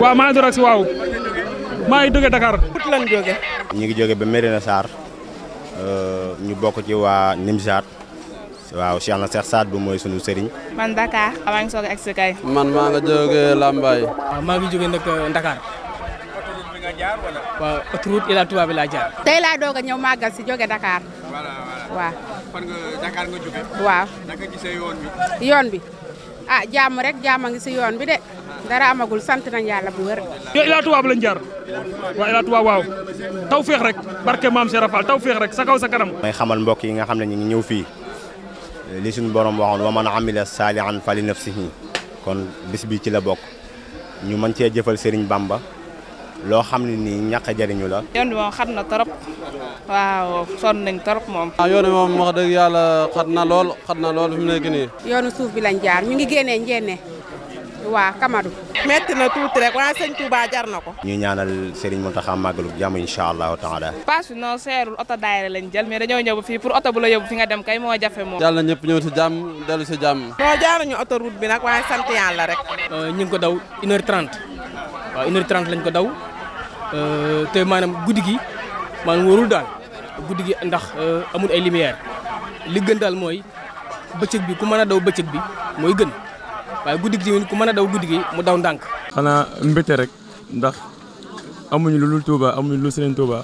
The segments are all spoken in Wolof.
waaw maa ngi door ak maa ngi jóge Dakar. lan jóge. ñu ngi jóge ba Mérina Sarr euh, ñu bokk ci waa Nimzaat. waaw Cheikh na Cheikh Saad bu mooy sunu sëriñ. man Dakar maa ngi soog man maa nga jógee Lambaye. maa ngi jógee nag euh, Dakar. autoroute bi nga jaar wala. waaw autoroute Ila laa jaar. laa ñëw màggal si jóge Dakar. waaw. bi. yoon ah, jàmm rek jàmm a ngi si yoon bi de. sant nañ yàlla bu wër. yow Ila Touba bi lañ jaar. waaw Ila taw féex rek barke maam Cheikh taw féex rek sa kaw may xamal mbokk yi nga xam ne ñu ngi ñëw fii. li suñu borom waxoon wa man amila saalihan fali nafsihi kon bis ci la bokk ñu mën cee jëfal Serigne Bamba loo xam ne nii ñàkk a jariñu la. yoon bi moom xat na trop waaw sonn nañ trop moom. Ah, waaw moom wax dëgg yàlla xat na lool xat na lool fi mu nekk nii. yoonu suuf bi lañ ñu ngi génnee njéene. waa Kamadou. metti na tuuti rek waaye sëñ Touba jar na ko. ñu ñaanal Serigne Mountakha màggalu jàmm incha allahu taala. paas non seerul oto daayira lañ jël mais dañoo ñëw ba fii pour oto bu la yóbbu fi nga dem kay moo jafe moom. yàlla ñëpp ñëw bi nag waaye sant yàlla rek. Euh, ñu ngi ko daw une heure trente waaw lañ ko daw euh, te maanaam guddi gi maanaam wóorul daal guddi gi ndax euh, amul ay lumière li gën daal mooy bëccëg bi ku mën a daw bëccëg bi mooy gën. waaye guddi gi ku mën a daw guddi gi mu daw ndànk. xanaa mbéte rek ndax amuñu lulu dul Touba amuñu lu Serigne Touba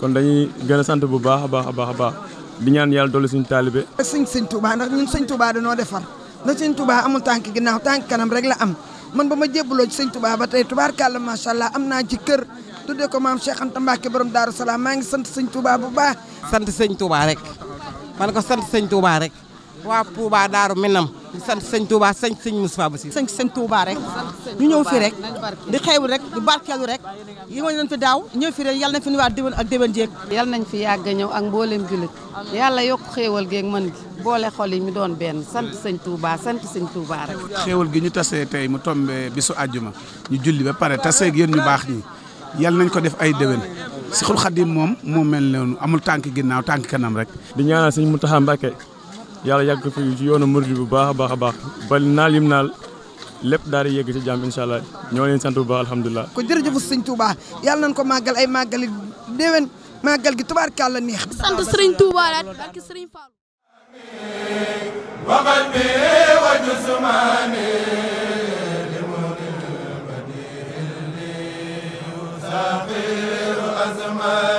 kon dañuy gën a sant bu baax a baax a baax a baax di ñaan yàlla dolli suñu taalibe. sëñ sëñ Touba ndax ñun sëñ Touba dañoo defar ndax sëñ Touba amul tànk ginnaaw tànk kanam rek la am man ba ma jébbaloo ci sëñ Touba ba tey tubaarkàlla macha allah am naa ci kër tuddee ko maam Cheikh Anta Mbacke borom Darou Salaam maa ngi sant sëñ Touba bu baax. sant sëñ Touba rek man sant sëñ Touba rek waa Touba Daaru Minam di sant sëñ Touba sañ sëñ Moustapha Bassir sant sëñ Touba rek ñu ñëw fi rek di xeewu rek di barkeelu rek yi ma nañ fi daaw ñëw fi rek yàlla nañ fi ak déwén jéeg yal nañ fi yàgg ñëw ak mboolem jullit yàlla yokk xéewal geeg mën gi boole xol yi mu doon benn sant sañ Touba sant sëñ Touba rek xéewal gi ñu tasee tey mu tombe bisu àjjuma ñu julli ba pare taseeg yéen ñu baax ñi yal nañ ko def ay déwén si xul xadim moom moo mel noonu amul tànk ginnaaw tànk kanam rek di ñaanal sëñ yàlla yàgg ko fi ci yoonu murid bu baax a baax a baax naal yim naal lépp daal di yegg ci jàmm incha allah ñoo leen sant bu baax alhamdulilah. ko jërëjëf sëñ Touba yàlla nañ ko màggal ay màggali déwén màggal gi tubaarkàlla neex. sant sëriñ Touba laat barke sëriñ Fall. waxal bi wa jusmaani li mu dil badi li yusafiru asmaa